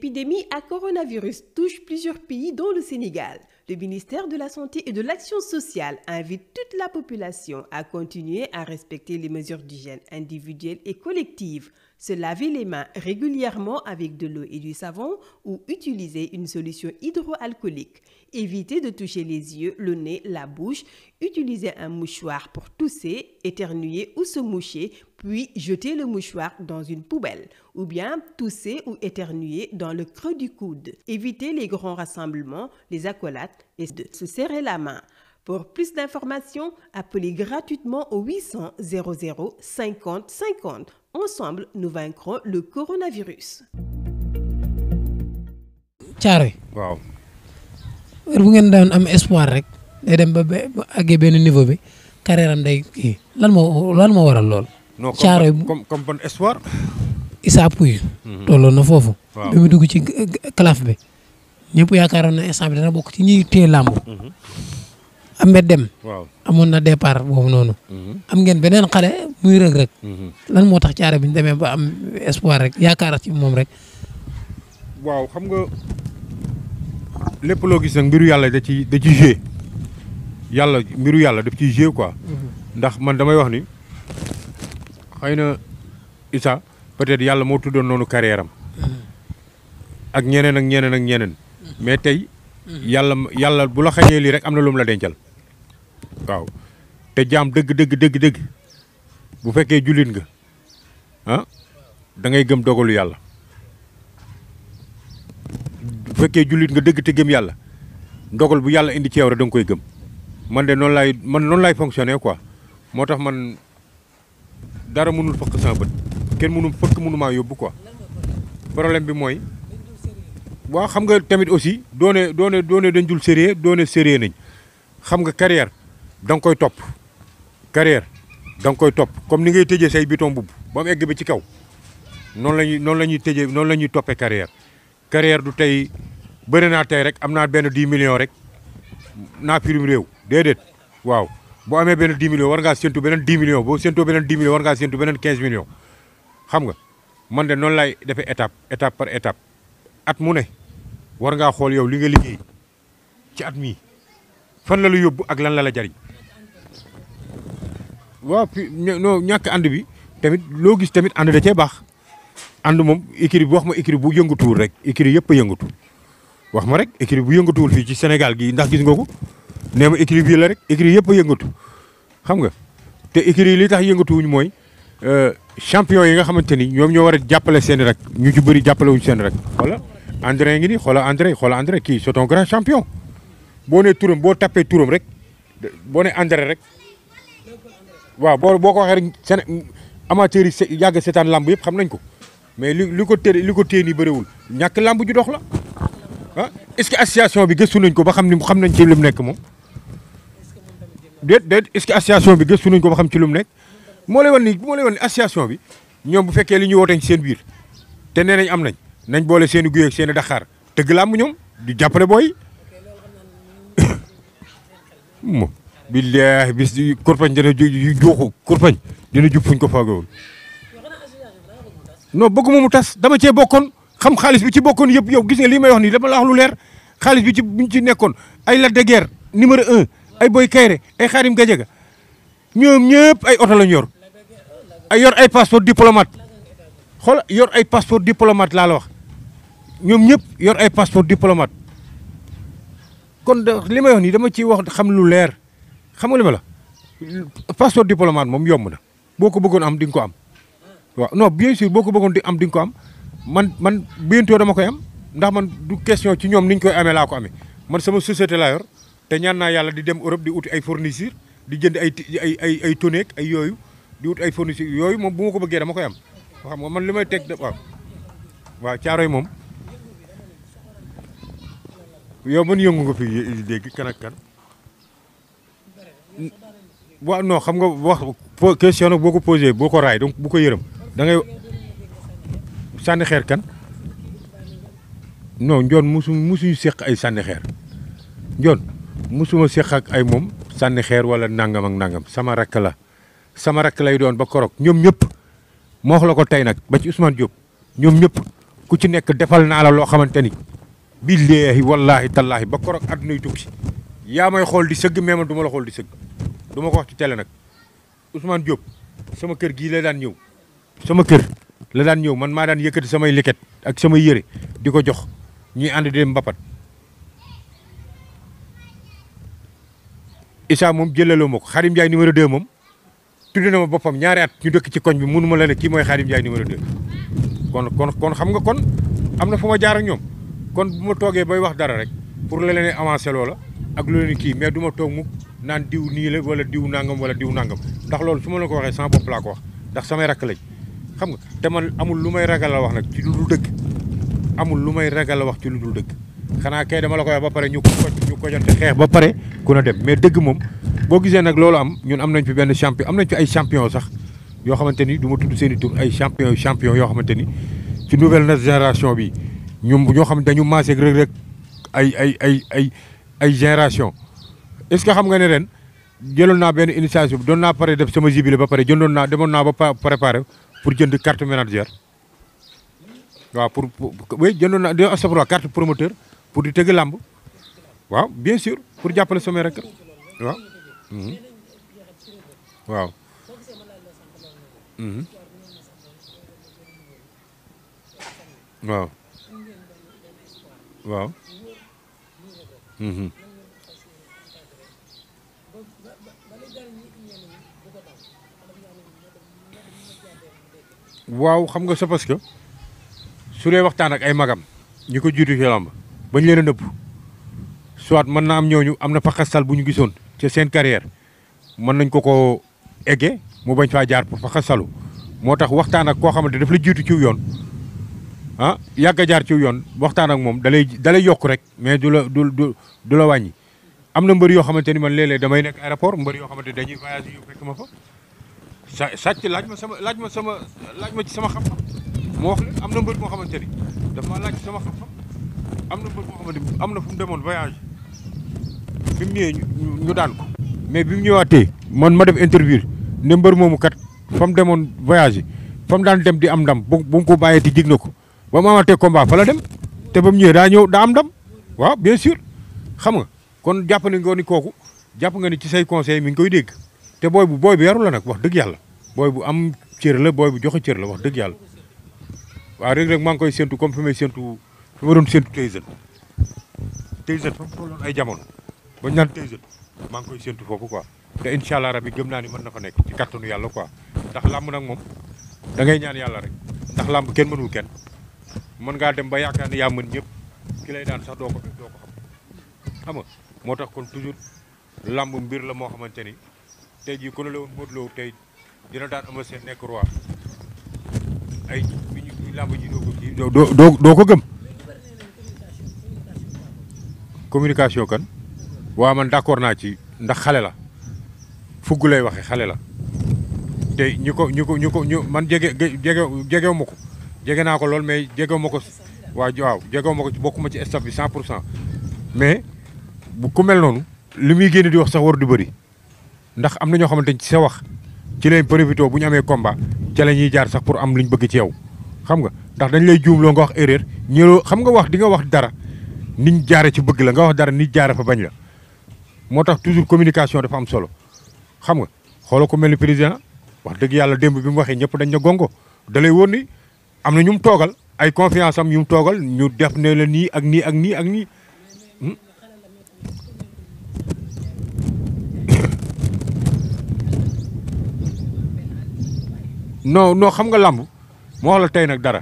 L'épidémie à coronavirus touche plusieurs pays dont le Sénégal. Le ministère de la Santé et de l'Action sociale invite toute la population à continuer à respecter les mesures d'hygiène individuelles et collective se laver les mains régulièrement avec de l'eau et du savon ou utiliser une solution hydroalcoolique. Évitez de toucher les yeux, le nez, la bouche. Utilisez un mouchoir pour tousser, éternuer ou se moucher, puis jetez le mouchoir dans une poubelle. Ou bien tousser ou éternuer dans le creux du coude. Évitez les grands rassemblements, les accolades et de se serrer la main. Pour plus d'informations, appelez gratuitement au 800 00 50 50. Ensemble, nous vaincrons le coronavirus. Thiaroye heure bu ngeen daan am espoir rek day dem ba ba àggee benn niveau bi carrière am day kii lan moo lan moo waral lool. caaro comme comme bon espoir. Issa Pouye. Mhm. tolloon na foofu. bi mu dugg ci calaf bi. ñëpp yaakaaroon na instant bi dana bokk ci ñiy téye làmb. Ahmed Deme. waaw amoon na départ boobu noonu. Mhm. am ngeen beneen xale muy rëg rek. Mhm. lan moo tax caare bi ñu demee ba am espoir rek yaakaar ci moom rek. lépp loo gis nag mbiru yàlla da ci da ci joué yàlla mbiru yàlla def ciy joué quoi. Mm-hmm. ndax man damay wax ni xëy na Issa peut-être yàlla moo tuddoon noonu carrière am mm-hmm. ak ñeneen ak ñeneen ak ñeneen mm-hmm. mais tey. yàlla yàlla bu la xañee lii rek am na lu mu la dencal. waaw te jaam dëgg dëgg dëgg bu fekkee jullit nga ah da ngay gëm dogalu yàlla. bu fekkee jullit nga dëgg te gëm yàlla ndogal bu yàlla indi ci yow rek da nga koy gëm man de noonu lay man noonu lay fonctionner ko moo tax man dara mënul fëkk sama kenn mënul fëkk mënumaa yóbbu ko problème bi mooy waa xam nga tamit aussi doone doone doone dañ jul sérieux doone sérieux nañ xam nga carrière da koy topp carrière da koy topp comme ni ngay tëjee say biton bubb ba mu egg bi ci kaw noonu la ñuy noonu la ñuy tëjee noonu la ñuy toppee carrière carrière du tey bëri naa tey rek am naa benn 10 millions rek naa firim réew déedéet waaw boo amee benn 10 millions war ngaa séntu beneen 10 millions boo séntoo beneen 10 millions war ngaa séntu beneen 15 xam nga man de noonu lay defee étape étape par étape at mu ne war ngaa xool yow li nga liggéey ci at mii fan la la yóbbu ak lan la la jariñ waaw fi non ñàkk and bi tamit loo gis tamit ànd da cee baax ànd moom écurie bi wax ma écurie bu yëngutuwul rek écurie yëpp yëngatu wax ma rek écurie bu yëngatuwul fii ci Sénégal gi ndax gis nga ko nee ma bii la rek écurie yëpp yëngatu xam nga te écurie li tax yëngatuwuñ mooy euh, champion yi nga xamante ni ñoom ñoo war a jàppale seen rek ñu ci bëri jàppale wuñ seen rek voilà André ngi ni xoola André xoola André kii c'est un grand champion boo nee turam boo tapé turam rek boo ne André rek waaw boo boo ko waxee rek seen amateur yi yàgg seetaan làmb yëpp xam nañ ko mais li li ko té li ko téye nii bëriwul ñàkk làmb ju dox la ah est-ce que association bi gëstu nañ ko ba xam ni xam nañ ci lu mu nekk moom déet déet est-ce que association bi gëstu nañ ko ba xam ci lu mu nekk moo lay wan ni moo lay wan ni association bi ñoom bu fekkee li ñuy woote ci seen biir te nee nañ am nañ nañ boole seen i guy ak seen i daxaar tëgg làmb ñoom di jàppale booy moom billaahi bis kurpañ dina juuxu kurpañ dina jub fuñ ko faagawul non bëgguma mu tas dama cee bokkoon xam xaalis bi ci bokkoon yëpp yow gis nga lii ma wax nii dama la wax lu leer xaalis bi ci ci nekkoon ay Lac de Guiers numéro un ay Boy Kayre ay Khadim Gadiaga ñoom ñëpp ay oto lañ yor ay yor ay passeport diplomate xool yor ay passeport diplomate laa la wax ñoom ñëpp yor ay passeport diplomate kon li ma wax nii dama ciy wax xam lu leer xam nga li ma la passeport diplomate moom yomb na boo ko bëggoon am di nga ko am waaw non bien sûr boo ko bëggoon di am di nga ko am man man bientôt dama koy am ndax man du question ci ñoom ni koy amee laa ko amee man sama société laa yor te ñaan naa yàlla di dem Europe di uti ay fournisseurs di jënd ay ay ay ay tonneeg yooyu di uti ay fournisseurs yooyu moom bu ma ko bëggee dama koy am xam nga man li may teg waaw waaw caaroy moom yow man yëngu nga fi kan ak kan xam nga wax question nag boo ko posé boo ko raay donc bu ko yërëm da sànni xeer kan non njoon musu musuñu seq ay sànni xeer njoon musuma seq ak ay moom sànni xeer wala nangam ak nangam sama rakk la sama rakk lay doon ba korog ñoom ñëpp moo wax la ko tey nag ba ci Ousmane Diop ñoom ñëpp ku ci nekk defal naa la loo xamante ni billaahi wallaahi tallaahi ba korog àdduna yu tukki yaa may xool di sëgg mais man du la xool di sëgg du ma ko wax ci télé nag usmaan jóob sama kër gii la daan ñëw sama kër la daan ñëw man maa daan yëkkati samay liket ak samay yëre di ko jox ñuy ànd dem mbapat Issa moom jëlaloo ma ko Xarim Ndiaye numéro 2 moom tudd na ma boppam ñaari at ñu dëkk ci koñ bi mënu ma la ne kii mooy Xarim Ndiaye numéro 2 kon kon kon xam nga kon am na fu ma jaar ñoom kon bu ma toogee bay wax dara rek pour la leen avancé loola ak lu leen kii mais du ma toog mu naan diw nii la wala diw nangam wala diw nangam ndax loolu su ma la ko waxee sans bopp laa ko wax ndax samay rakk lañ. xam nga te man amul lu may ragal la wax nag ci lu dul dëgg amul lu may ragal wax ci lu dul dëgg xanaa kay dama la koy wax ba pare ñu ko ñu ko jonte xeex ba pare ku na dem mais dëgg moom boo gisee nag loolu am ñun am nañ fi benn champion am nañ fi ay champion sax yoo xamante ni du tudd seen i tur ay champion champion yoo xamante ni ci nouvelle na génération bi ñoom ñoo xam dañu maase rek rek ay ay ay ay ay génération est-ce que xam nga ne ren jëloon naa benn initiative doon naa pare def sama jibile ba pare jëndoon naa demoon naa ba préparé pour jënd carte manager waaw pour oui jëndoon naa dañoo astafurlah carte promoteur pour di tëgg làmb waaw bien sûr pour jàppale sama rek waaw. Mhm. Mhm. Mhm. waaw xam nga c'est parce que su dee waxtaan ak ay magam ñi ko jiitu ci làmb bañ leen a nëbb soit mën naa am ñooñu am na faxastal bu ñu gisoon ci seen carrière mën nañ ko ko egge moo bañ faa jaar faxastalu moo tax waxtaan ak koo xamante daf la jiitu ciw yoon ah yàgg a jaar ciw yoon waxtaan ak moom dalay dalay yokk rek mais du la du du la wàññi am na mbër yoo xamante ni man léeg-léeg damay nekk aéroport mbër yoo xamante dañuy voyage yu fekk ma fa sa sàcc laaj ma sama laaj ma sama laaj ma ci sama xam-xam moo wax la am na mbër moo xamante ni dafa maa laaj sama xam-xam am na mbër moo xamante ni am na fu demoon voyage bi mu ñëwee ñu daan ko. mais bi mu ñëwaatee man ma def interview ne mbër moomu kat fa mu demoon voyage fa mu daan dem di am ndam bu mu ko bàyyee te jig na ko ba mu amaatee combat fa la dem te ba mu ñëwee daa ñëw daa am ndam waaw bien sûr xam nga kon jàpp nañ ko kooku jàpp nga ni ci say conseil mi ngi koy dégg. te booy bu booy bu yaru la nag wax dëgg yàlla booy bu am cër la booy bu joxe cër la wax dëgg yàlla waaw rek Reug maa ngi koy séntu comme fi may séntu fi ma doon séntu Tyson ay jamono ba ñu maa ngi koy séntu foofu quoi te incha allah rabi gëm naa ni mën na fa nekk ci kattanu yàlla quoi ndax làmb nag moom da ngay ñaan yàlla rek ndax làmb kenn mënul kenn mën ngaa dem ba yaakaar ne yaa mën ñëpp ki lay daan sax doo ko doo ko xam xam moo tax kon toujours làmb mbir la moo xamante ni tey jii ku ne la woon tey dina daan Eumeu Sène nekk ay bi ñu doo ko doo ko gëm. communication kan waaw man d'accord naa ci ndax xale la fugg lay waxe xale la te ñu ko ñu ko ñu ko ñu man jege jege jegewu ma ko jege naa ko lool mais jegewu ma ko waaw waaw jegewu ma ko bokkuma ci staff bi 100 pour cent mais bu ku mel noonu li muy génn di wax sax war du bëri ndax am na ñoo xam ne ni ci sa wax ci leen profité bu ñu amee combat ca la ñuy jaar sax pour am lu ñu bëgg ci yow xam nga ndax dañ lay juumloo nga wax erreur ñëw xam nga wax di nga wax dara niñ jaare ci bëgg la nga wax dara niñ jaare fa bañ la moo tax toujours communication dafa am solo xam nga xoola ko mel ni président wax dëgg yàlla démb bi mu waxee ñëpp dañ na gongo da lay woon ni am na ñu mu toogal ay confiance am ñu mu toogal ñu def ne la nii ak nii ak nii ak nii non noo xam nga làmb moo wax la tey nag dara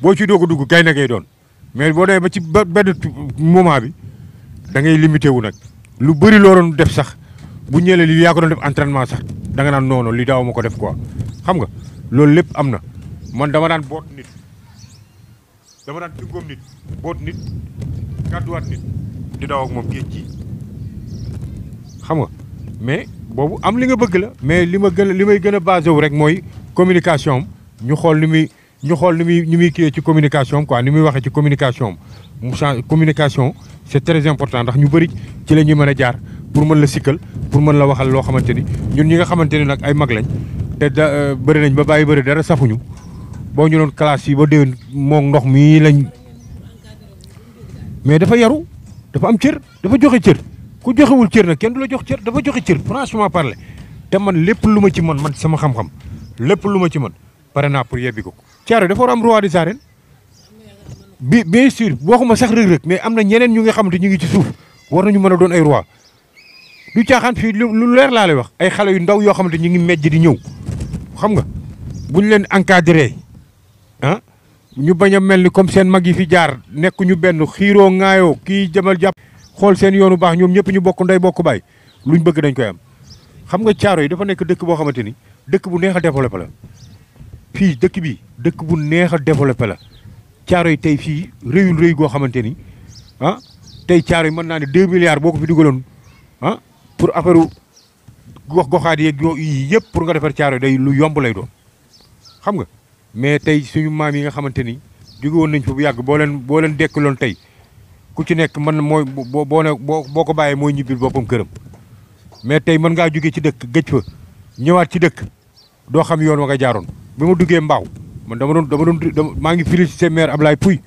boo ci doog a dugg gaynde ngay doon mais boo demee ba ci benn moment bi da ngay limité wu nag lu bëri loo def sax bu ñëwee li yaa ko doon sax da nga naan noonu li daaw ma ko def quoi xam nga loolu lépp am na man dama daan boot nit boot nit gàdduwaat nit moom géej gi xam nga mais boobu am li nga bëgg la mais li ma gën li may gën a basé wu rek mooy communication ñu xool ni muy ñu xool ni muy ni muy kiiyee ci communication am quoi ni muy waxee ci communication am mu change communication c'est très important ndax ñu bëri ci la ñuy mën a jaar pour mën la sikkal pour mën la waxal loo xamante ni ñun ñi nga xamante ni nag ay mag lañ te da euh, bëri nañ ba bàyyi bëri dara safuñu boo ñu doon classe yi ba déwén moo ndox mii lañ mais dafa yaru dafa am cër dafa joxe cër ku joxewul cër na kenn du la jox cër dafa joxe cër franchement parler te man lépp lu ma ci mën man sama xam lépp lu ma ci mën pare naa pour yebbi ko Thiaroye dafa war am roi des arènes bi bien sûr waxuma sax Reug Reug mais am na ñeneen ñu nga xamante ñu ngi ci suuf war ñu mën a doon ay roi du caaxaan fii lu leer laa lay wax ay xale yu ndaw yoo xamante ñu ngi mejj di ñëw xam nga buñ leen encadré ah ñu bañ a mel ni comme seen mag yi fi jaar nekk ñu benn xiiroo ŋaayoo kii jëmal jàpp xool seen yoonu baax ñoom ñëpp ñu bokk nday bokk baay ñu bëgg dañ koy am xam nga Thiaroye dafa nekk dëkk boo xamante ni dëkk bu neex a développé la fii dëkk bi dëkk bu neex a développé la caaro yi tey fii réyul réy goo xamante ni ah tey caaro yi mën naa ne 2 milliards boo ko fi dugaloon ah, pour affaire gox goxaat yeeg yooyu yëpp pour nga defar caaro yi day lu yomb lay doon xam nga mais tey suñu maam yi nga xamante ni jóge woon nañ fa bu yàgg boo leen boo leen dekkiloon tey ku ci nekk man mooy boo boo boo ko bàyyee mooy ñibbil boppam këram mais tey mën ngaa jóge ci dëkk gëj fa. ñëwaat ci dëkk doo xam yoon wa nga jaaroon bi ma duggee mbaaw man dama doon dama doon maa ngi félicité maire Ablaye Pouy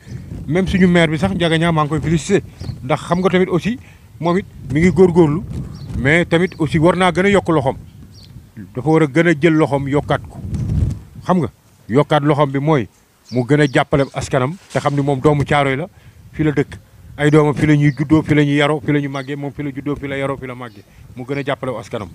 même suñu maire bi sax Ndiaga ñaa maa ngi koy félicité ndax xam nga tamit aussi moom it mi ngi góor góorgóorlu mais tamit aussi war naa gën a yokk loxoom dafa war a gën a jël loxoom yokkaat ko xam nga yokkaat loxoom bi mooy mu gën a jàppale askanam te xam ni moom doomu Caaroy la fi la dëkk ay doomam fi la ñu juddoo fi la ñuy yaroo fi la ñu màggee moom fi la la yaroo fi la mu gën a jàppale askanam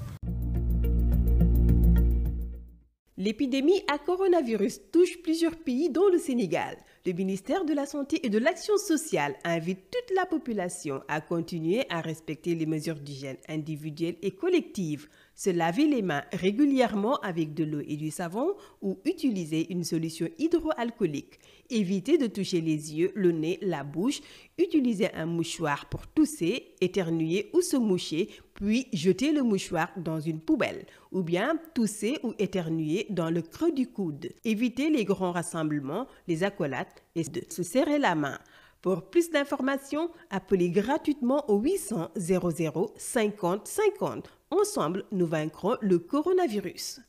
L'épidémie à coronavirus touche plusieurs pays dont le Sénégal. Le ministère de la Santé et de l'Action sociale invite toute la population à continuer à respecter les mesures d'hygiène individuelles et collective se laver les mains régulièrement avec de l'eau et du savon ou utiliser une solution hydroalcoolique, éviter de toucher les yeux, le nez, la bouche, utiliser un mouchoir pour tousser, éternuer ou se moucher puis jeter le mouchoir dans une poubelle ou bien tousser ou éternuer dans le creux du coude. Évitez les grands rassemblements, les accolades et se serrer la main. Pour plus d'informations, appelez gratuitement au 800 00 50 50. Ensemble, nous vaincrons le coronavirus.